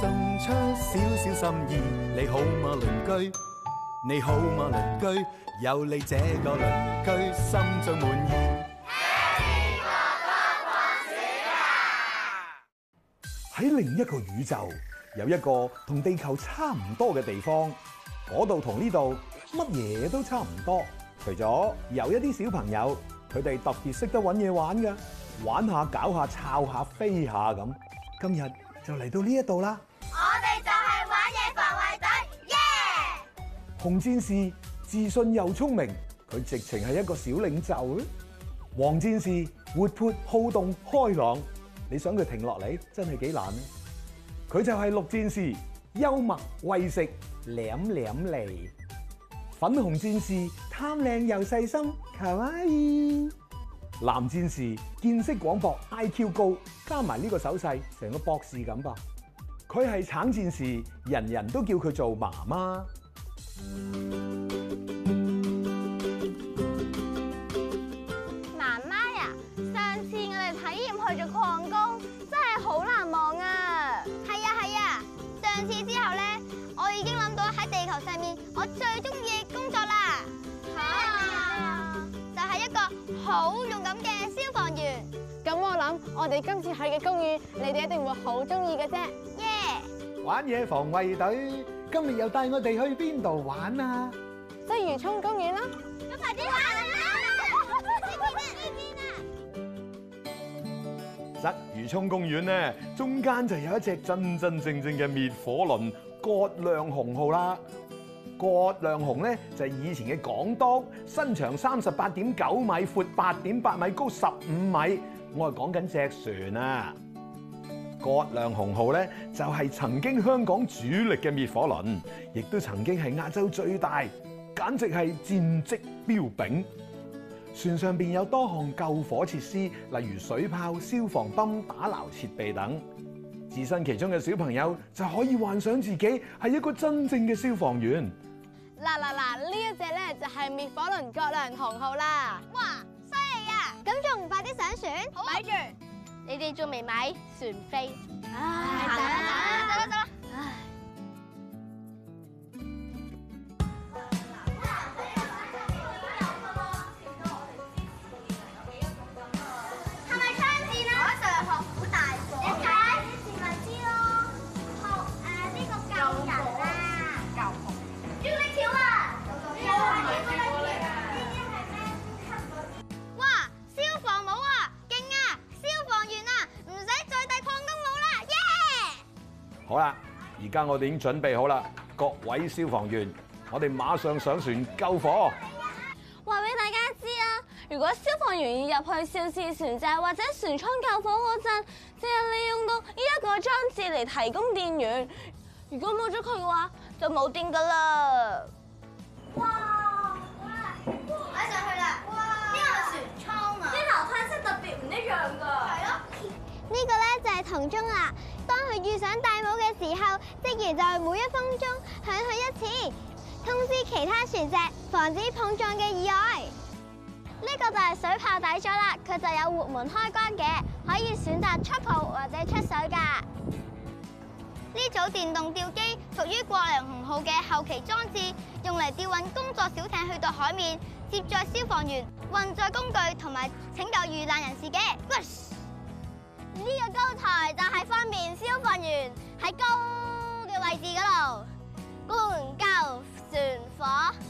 送出少少心意，你好嗎鄰居？你好嗎鄰居？有你這個鄰居，心中滿意。喺 另一個宇宙，有一個同地球差唔多嘅地方，嗰度同呢度乜嘢都差唔多，除咗有一啲小朋友，佢哋特別識得搵嘢玩㗎，玩下搞下，抄下，下飛下咁。今日就嚟到呢一度啦。紅戰士自信又聰明，佢直情係一個小領袖。黃戰士活潑好動開朗，你想佢停落嚟真係幾難咧。佢就係綠戰士，幽默為食舐舐脷。粉紅戰士貪靚又細心，可愛。藍戰士見識廣博，I.Q. 高，加埋呢個手勢，成個博士咁噃。佢係橙戰士，人人都叫佢做媽媽。媽媽呀，上次我哋體驗去做礦工，真係好難忘啊！係呀，係呀，上次之後呢，我已經諗到喺地球上面我最中意嘅工作啦。係呀，就係一個好勇敢嘅消防員。咁我諗，我哋今次喺嘅公園，你哋一定會好中意嘅啫。耶！玩嘢防衛隊。今日又帶我哋去哪裡，就是，邊度玩啊？鰂魚涌公園咯，咁快啲玩啦！鰂魚涌公園咧，中間就有一隻真真正正嘅滅火輪——葛量洪號啦。葛量洪咧就係以前嘅港督，身長三十八點九米，闊八點八米，高十五米。我係講緊隻船啊！葛量洪號咧就係曾經香港主力嘅滅火輪，亦都曾經係亞洲最大，簡直係戰績彪炳。船上邊有多項救火設施，例如水炮、消防泵、打撈設備等。置身其中嘅小朋友就可以幻想自己係一個真正嘅消防員。嗱嗱嗱，呢一隻咧就係滅火輪葛量洪號啦！哇，犀利啊！咁仲唔快啲上船？好，擺住。你哋仲未買船飛啊？走啦啊，走啦啊！走啊走啊走啊走啊而家我哋已經準備好啦，各位消防員，我哋馬上上船救火。話俾大家知啊，如果消防員要入去肇事船隻或者船艙救火嗰陣，就係利用到呢一個裝置嚟提供電源。如果冇咗佢嘅話，就冇電噶啦。哇！哇，我哋上去了，呢、這個船艙啊，啲樓梯室特別唔一樣噶。係咯，呢個咧就係銅鐘啦。佢遇上大霧嘅時候，即然在每一分鐘響去一次，通知其他船隻防止碰撞嘅意外。呢、這個就係水炮底座啦，佢就有活門開關嘅，可以選擇出泡或者出水噶。呢組電動吊機屬於葛量洪號嘅後期裝置，用嚟吊運工作小艇去到海面，接載消防員、運載工具同埋拯救遇難人士嘅。呢、這個高台就係方便消防員喺高嘅位置嗰度灌救船火。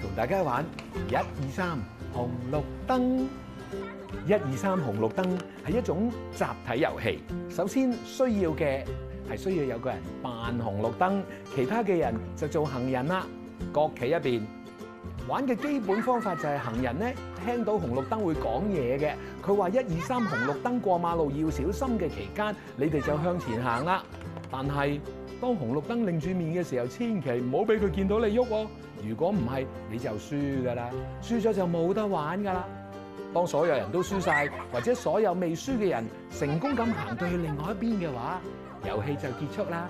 同大家玩一二三紅綠燈，一二三紅綠燈係一種集體遊戲。首先需要嘅係需要有個人扮紅綠燈，其他嘅人就做行人啦，各企一邊。玩嘅基本方法就係行人呢，聽到紅綠燈會講嘢嘅，佢話一二三紅綠燈過馬路要小心嘅期間，你哋就向前行啦。但係當紅綠燈擰住面嘅時候，千祈唔好俾佢見到你喐喎。如果唔係，你就輸噶啦，輸咗就冇得玩噶啦。當所有人都輸晒，或者所有未輸嘅人成功咁行到去另外一邊嘅話，遊戲就結束啦。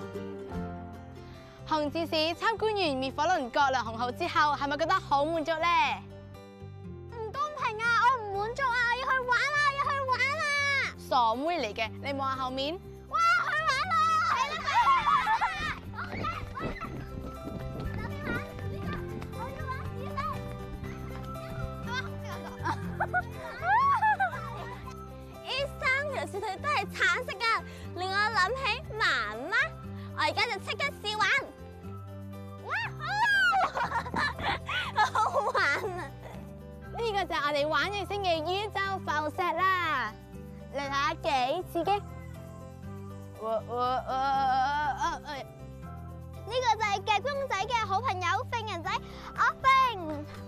熊戰士參觀完滅火輪葛量洪號之後，係咪覺得好滿足咧？唔公平啊！我唔滿足啊！我要去玩啦！啊！要去玩啊！傻妹嚟嘅，你望下後面。而家就即刻試玩，哇！好好玩啊！呢個就係我哋玩嘅《星期宇宙浮石》啦，嚟睇下幾刺激。我我我我我，呢個就係夾公仔嘅好朋友飛人仔阿飛。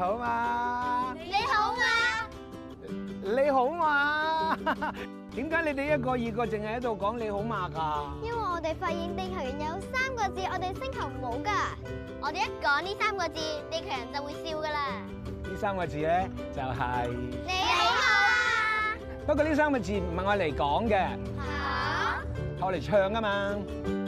你好嘛，你好嘛，你好嘛，點解你哋一個二個淨係喺度講你好嘛噶？因為我哋發現地球人有三個字，我哋星球冇噶。我哋一講呢三個字，地球人就會笑噶啦。呢三個字咧就係，是、你好嘛。不過呢三個字唔係我嚟講嘅係、啊、我嚟唱噶嘛。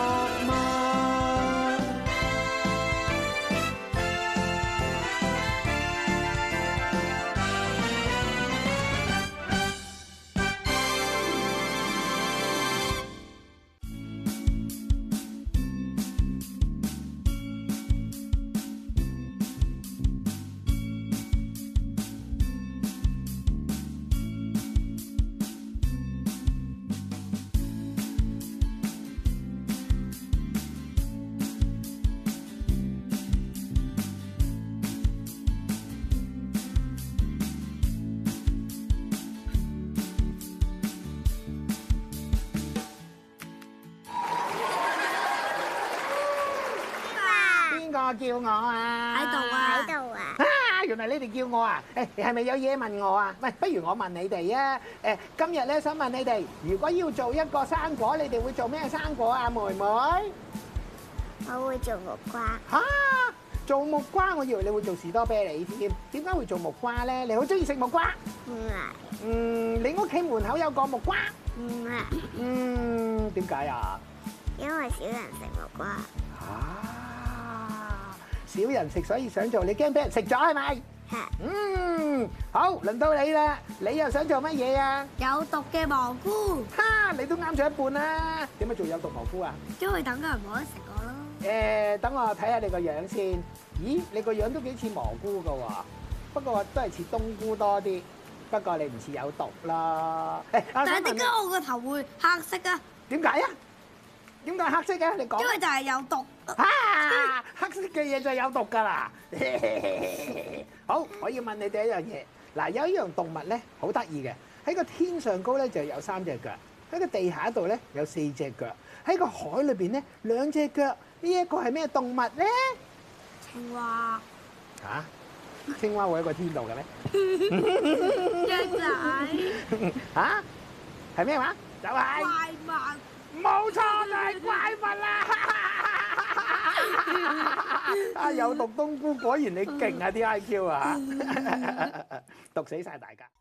叫我啊！喺度啊！喺度啊！啊！原來你哋叫我啊！誒，係咪有嘢問我啊？唔係，不如我問你哋啊！誒，今日咧想問你哋，如果要做一個生果，你哋會做咩生果啊？妹妹，我會做木瓜。吓，做木瓜？我以為你會做士多啤梨添。點解會做木瓜咧？你好中意食木瓜？唔係。嗯，你屋企門口有個木瓜？唔係。嗯，點解啊？因為少人食木瓜。吓？少人食，所以想做。你驚俾人食咗係咪？吓？嗯，好，輪到你啦。你又想做乜嘢啊？有毒嘅蘑菇。哈！你都啱咗一半啦。點解做有毒蘑菇啊？因為等人唔可以食我咯。誒、呃，等我睇下你個樣先。咦，你個樣都幾似蘑菇㗎喎。不過都係似冬菇多啲。不過你唔似有毒啦。但係點解我個頭會黑色啊？點解啊？點解黑色嘅？你講。因為就係有毒。啊！黑色嘅嘢就係有毒㗎啦。好，我要問你第一樣嘢。嗱，有一樣動物咧，好得意嘅，喺個天上高咧就有三隻腳，喺個地下度咧有四隻腳，喺個海裏邊咧兩隻腳。呢一個係咩動物咧？青蛙。嚇？青蛙會喺個天度嘅咩？雀仔。嚇？係咩話？就係。怪物。冇錯，就係怪物啦！啊，有毒冬菇，果然你勁啊，啲 IQ 啊， 毒死晒大家！